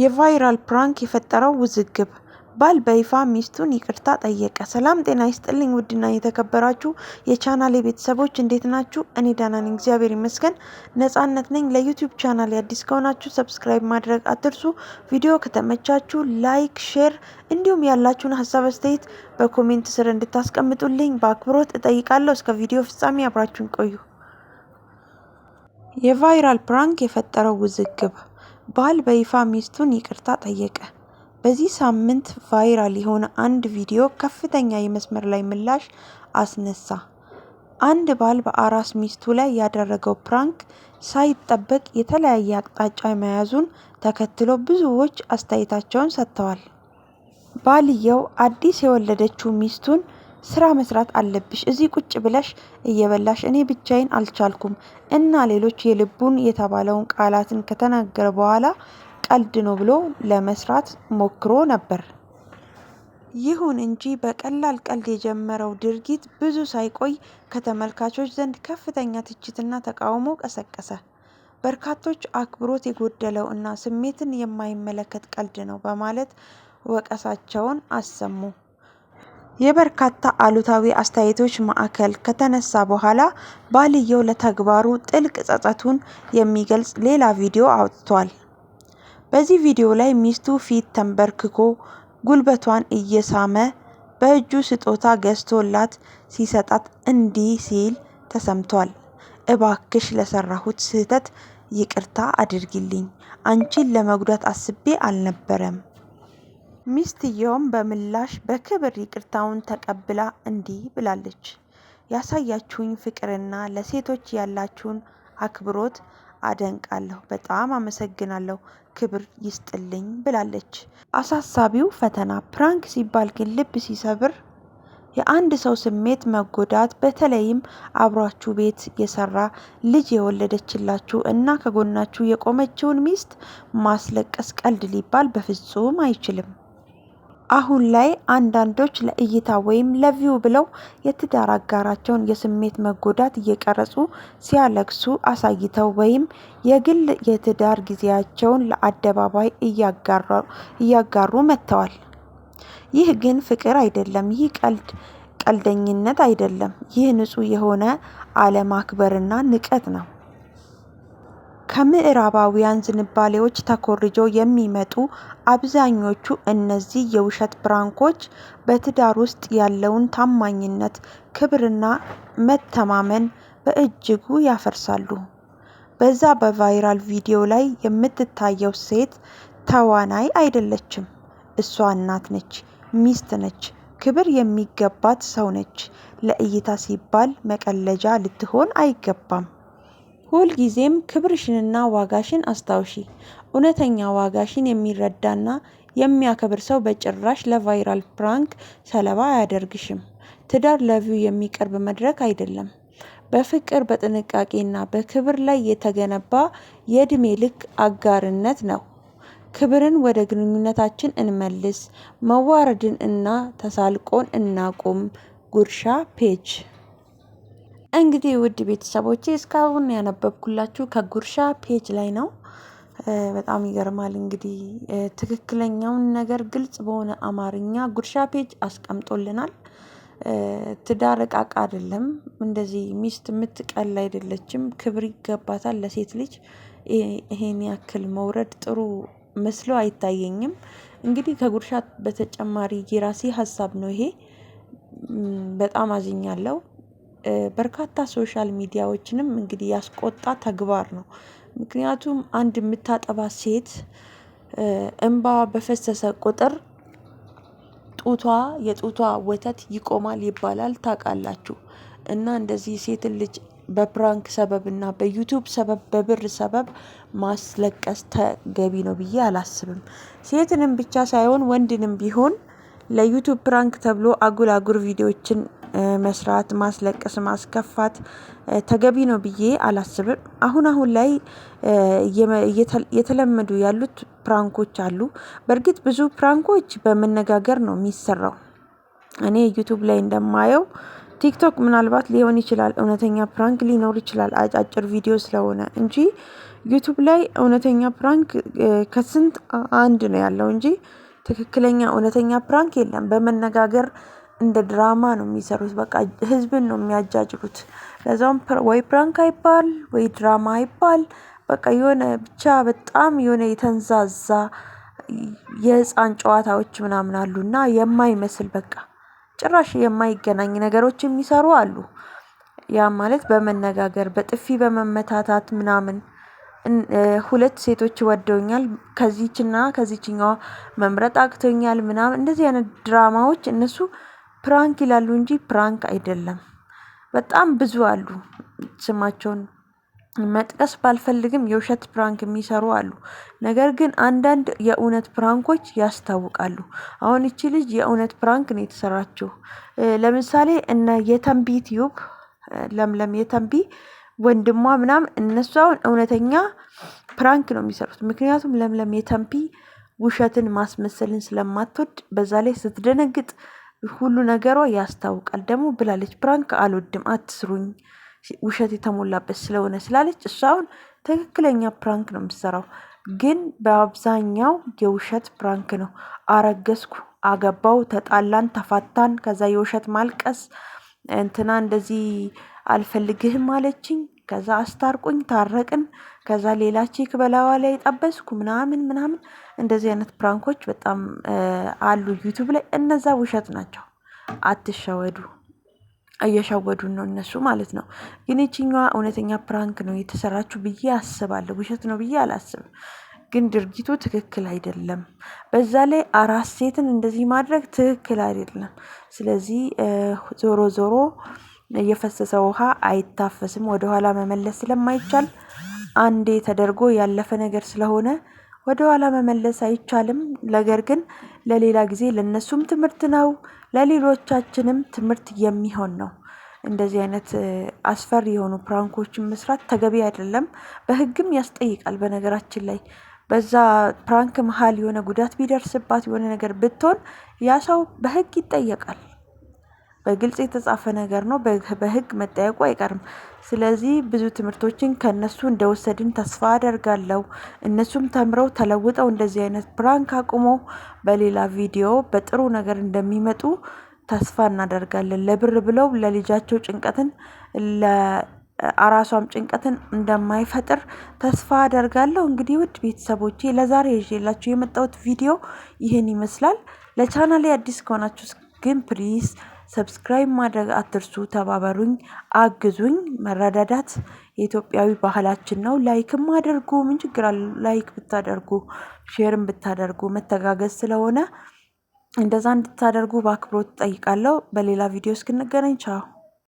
የቫይራል ፕራንክ የፈጠረው ውዝግብ ባል በይፋ ሚስቱን ይቅርታ ጠየቀ። ሰላም ጤና ይስጥልኝ ውድና የተከበራችሁ የቻናሌ ቤተሰቦች እንዴት ናችሁ? እኔ ደህና ነኝ፣ እግዚአብሔር ይመስገን። ነጻነት ነኝ። ለዩቲዩብ ቻናል አዲስ ከሆናችሁ ሰብስክራይብ ማድረግ አትርሱ። ቪዲዮ ከተመቻችሁ ላይክ፣ ሼር እንዲሁም ያላችሁን ሀሳብ አስተያየት በኮሜንት ስር እንድታስቀምጡልኝ በአክብሮት እጠይቃለሁ። እስከ ቪዲዮ ፍጻሜ አብራችሁን ቆዩ። የቫይራል ፕራንክ የፈጠረው ውዝግብ ባል በይፋ ሚስቱን ይቅርታ ጠየቀ። በዚህ ሳምንት ቫይራል የሆነ አንድ ቪዲዮ ከፍተኛ የመስመር ላይ ምላሽ አስነሳ። አንድ ባል በአራስ ሚስቱ ላይ ያደረገው ፕራንክ ሳይጠበቅ የተለያየ አቅጣጫ መያዙን ተከትሎ ብዙዎች አስተያየታቸውን ሰጥተዋል። ባልየው አዲስ የወለደችው ሚስቱን ስራ መስራት አለብሽ። እዚህ ቁጭ ብለሽ እየበላሽ እኔ ብቻዬን አልቻልኩም እና ሌሎች የልቡን የተባለውን ቃላትን ከተናገረ በኋላ ቀልድ ነው ብሎ ለመስራት ሞክሮ ነበር። ይሁን እንጂ በቀላል ቀልድ የጀመረው ድርጊት ብዙ ሳይቆይ ከተመልካቾች ዘንድ ከፍተኛ ትችትና ተቃውሞ ቀሰቀሰ። በርካቶች አክብሮት የጎደለው እና ስሜትን የማይመለከት ቀልድ ነው በማለት ወቀሳቸውን አሰሙ። የበርካታ አሉታዊ አስተያየቶች ማዕከል ከተነሳ በኋላ ባልየው ለተግባሩ ጥልቅ ጸጸቱን የሚገልጽ ሌላ ቪዲዮ አውጥቷል። በዚህ ቪዲዮ ላይ ሚስቱ ፊት ተንበርክኮ ጉልበቷን እየሳመ በእጁ ስጦታ ገዝቶላት ሲሰጣት እንዲህ ሲል ተሰምቷል። እባክሽ ለሰራሁት ስህተት ይቅርታ አድርጊልኝ። አንቺን ለመጉዳት አስቤ አልነበረም። ሚስትየውም በምላሽ በክብር ይቅርታውን ተቀብላ እንዲህ ብላለች። ያሳያችሁኝ ፍቅርና ለሴቶች ያላችሁን አክብሮት አደንቃለሁ። በጣም አመሰግናለሁ። ክብር ይስጥልኝ ብላለች። አሳሳቢው ፈተና ፕራንክ ሲባል ግን ልብ ሲሰብር የአንድ ሰው ስሜት መጎዳት፣ በተለይም አብሯችሁ ቤት የሰራ ልጅ የወለደችላችሁ እና ከጎናችሁ የቆመችውን ሚስት ማስለቀስ ቀልድ ሊባል በፍጹም አይችልም። አሁን ላይ አንዳንዶች ለእይታ ወይም ለቪው ብለው የትዳር አጋራቸውን የስሜት መጎዳት እየቀረጹ ሲያለቅሱ አሳይተው ወይም የግል የትዳር ጊዜያቸውን ለአደባባይ እያጋሩ መጥተዋል። ይህ ግን ፍቅር አይደለም። ይህ ቀልድ ቀልደኝነት አይደለም። ይህ ንጹህ የሆነ አለማክበርና ንቀት ነው። ከምዕራባውያን ዝንባሌዎች ተኮርጀው የሚመጡ አብዛኞቹ እነዚህ የውሸት ብራንኮች በትዳር ውስጥ ያለውን ታማኝነት፣ ክብርና መተማመን በእጅጉ ያፈርሳሉ። በዛ በቫይራል ቪዲዮ ላይ የምትታየው ሴት ተዋናይ አይደለችም። እሷ እናት ነች፣ ሚስት ነች፣ ክብር የሚገባት ሰው ነች። ለእይታ ሲባል መቀለጃ ልትሆን አይገባም። ሁልጊዜም ክብርሽንና ዋጋሽን አስታውሺ። እውነተኛ ዋጋሽን የሚረዳና የሚያከብር ሰው በጭራሽ ለቫይራል ፕራንክ ሰለባ አያደርግሽም። ትዳር ለቪው የሚቀርብ መድረክ አይደለም። በፍቅር በጥንቃቄና በክብር ላይ የተገነባ የእድሜ ልክ አጋርነት ነው። ክብርን ወደ ግንኙነታችን እንመልስ፣ መዋረድን እና ተሳልቆን እናቁም። ጉርሻ ፔጅ እንግዲህ ውድ ቤተሰቦቼ እስካሁን ያነበብኩላችሁ ከጉርሻ ፔጅ ላይ ነው። በጣም ይገርማል። እንግዲህ ትክክለኛውን ነገር ግልጽ በሆነ አማርኛ ጉርሻ ፔጅ አስቀምጦልናል። ትዳር እቃቃ አይደለም። እንደዚህ ሚስት የምትቀል አይደለችም። ክብር ይገባታል ለሴት ልጅ። ይሄን ያክል መውረድ ጥሩ መስሎ አይታየኝም። እንግዲህ ከጉርሻ በተጨማሪ የራሴ ሀሳብ ነው ይሄ። በጣም አዝኛለሁ። በርካታ ሶሻል ሚዲያዎችንም እንግዲህ ያስቆጣ ተግባር ነው። ምክንያቱም አንድ የምታጠባ ሴት እንባ በፈሰሰ ቁጥር ጡቷ የጡቷ ወተት ይቆማል ይባላል ታውቃላችሁ። እና እንደዚህ ሴትን ልጅ በፕራንክ ሰበብ እና በዩቱብ ሰበብ በብር ሰበብ ማስለቀስ ተገቢ ነው ብዬ አላስብም። ሴትንም ብቻ ሳይሆን ወንድንም ቢሆን ለዩቱብ ፕራንክ ተብሎ አጉል አጉር ቪዲዮዎችን መስራት፣ ማስለቀስ፣ ማስከፋት ተገቢ ነው ብዬ አላስብም። አሁን አሁን ላይ የተለመዱ ያሉት ፕራንኮች አሉ። በእርግጥ ብዙ ፕራንኮች በመነጋገር ነው የሚሰራው። እኔ ዩቱብ ላይ እንደማየው ቲክቶክ ምናልባት ሊሆን ይችላል እውነተኛ ፕራንክ ሊኖር ይችላል አጫጭር ቪዲዮ ስለሆነ እንጂ ዩቱብ ላይ እውነተኛ ፕራንክ ከስንት አንድ ነው ያለው እንጂ ትክክለኛ እውነተኛ ፕራንክ የለም። በመነጋገር እንደ ድራማ ነው የሚሰሩት። በቃ ህዝብን ነው የሚያጃጅሉት። ለዛውም ወይ ፕራንክ አይባል ወይ ድራማ አይባል በቃ የሆነ ብቻ በጣም የሆነ የተንዛዛ የህፃን ጨዋታዎች ምናምን አሉ እና የማይመስል በቃ ጭራሽ የማይገናኝ ነገሮች የሚሰሩ አሉ። ያ ማለት በመነጋገር በጥፊ በመመታታት ምናምን ሁለት ሴቶች ወደውኛል ከዚችና ከዚችኛዋ መምረጥ አቅቶኛል ምናምን እንደዚህ አይነት ድራማዎች እነሱ ፕራንክ ይላሉ እንጂ ፕራንክ አይደለም። በጣም ብዙ አሉ ስማቸውን መጥቀስ ባልፈልግም የውሸት ፕራንክ የሚሰሩ አሉ። ነገር ግን አንዳንድ የእውነት ፕራንኮች ያስታውቃሉ። አሁን እቺ ልጅ የእውነት ፕራንክ ነው የተሰራችው። ለምሳሌ እነ የተንቢ ቲዩብ ለምለም የተንቢ ወንድሟ ምናምን እነሱ አሁን እውነተኛ ፕራንክ ነው የሚሰሩት። ምክንያቱም ለምለም የተንቢ ውሸትን ማስመሰልን ስለማትወድ በዛ ላይ ስትደነግጥ ሁሉ ነገሯ ያስታውቃል። ደግሞ ብላለች ፕራንክ አልወድም አትስሩኝ ውሸት የተሞላበት ስለሆነ ስላለች እሷ አሁን ትክክለኛ ፕራንክ ነው የምትሰራው። ግን በአብዛኛው የውሸት ፕራንክ ነው። አረገዝኩ፣ አገባው፣ ተጣላን፣ ተፋታን፣ ከዛ የውሸት ማልቀስ እንትና እንደዚህ አልፈልግህም አለችኝ፣ ከዛ አስታርቁኝ፣ ታረቅን፣ ከዛ ሌላ ቼክ በላዋ ላይ ጠበስኩ ምናምን ምናምን እንደዚህ አይነት ፕራንኮች በጣም አሉ ዩቱብ ላይ። እነዛ ውሸት ናቸው፣ አትሸወዱ። እየሸወዱን ነው እነሱ ማለት ነው። ግን ይችኛዋ እውነተኛ ፕራንክ ነው የተሰራችሁ ብዬ አስባለሁ። ውሸት ነው ብዬ አላስብም። ግን ድርጊቱ ትክክል አይደለም። በዛ ላይ አራት ሴትን እንደዚህ ማድረግ ትክክል አይደለም። ስለዚህ ዞሮ ዞሮ የፈሰሰ ውሃ አይታፈስም፣ ወደኋላ መመለስ ስለማይቻል አንዴ ተደርጎ ያለፈ ነገር ስለሆነ ወደ ኋላ መመለስ አይቻልም። ነገር ግን ለሌላ ጊዜ ለነሱም ትምህርት ነው፣ ለሌሎቻችንም ትምህርት የሚሆን ነው። እንደዚህ አይነት አስፈሪ የሆኑ ፕራንኮችን መስራት ተገቢ አይደለም፣ በህግም ያስጠይቃል። በነገራችን ላይ በዛ ፕራንክ መሀል የሆነ ጉዳት ቢደርስባት የሆነ ነገር ብትሆን ያ ሰው ይጠየቃል። በግልጽ የተጻፈ ነገር ነው። በህግ መጠየቁ አይቀርም። ስለዚህ ብዙ ትምህርቶችን ከእነሱ እንደወሰድን ተስፋ አደርጋለሁ። እነሱም ተምረው ተለውጠው እንደዚህ አይነት ፕራንክ አቁሞ በሌላ ቪዲዮ በጥሩ ነገር እንደሚመጡ ተስፋ እናደርጋለን። ለብር ብለው ለልጃቸው ጭንቀትን ለአራሷም ጭንቀትን እንደማይፈጥር ተስፋ አደርጋለሁ። እንግዲህ ውድ ቤተሰቦቼ ለዛሬ ይዤላችሁ የመጣሁት ቪዲዮ ይህን ይመስላል። ለቻናሌ አዲስ ከሆናችሁ ግን ፕሊስ ሰብስክራይብ ማድረግ አትርሱ። ተባበሩኝ፣ አግዙኝ። መረዳዳት የኢትዮጵያዊ ባህላችን ነው። ላይክም አድርጉ። ምን ችግር አለው? ላይክ ብታደርጉ ሼርም ብታደርጉ መተጋገዝ ስለሆነ እንደዛ እንድታደርጉ በአክብሮት ጠይቃለሁ። በሌላ ቪዲዮ እስክንገናኝ ቻው።